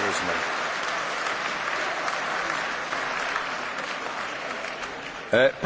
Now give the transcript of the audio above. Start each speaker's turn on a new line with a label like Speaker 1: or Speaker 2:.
Speaker 1: Rozumiem.
Speaker 2: E,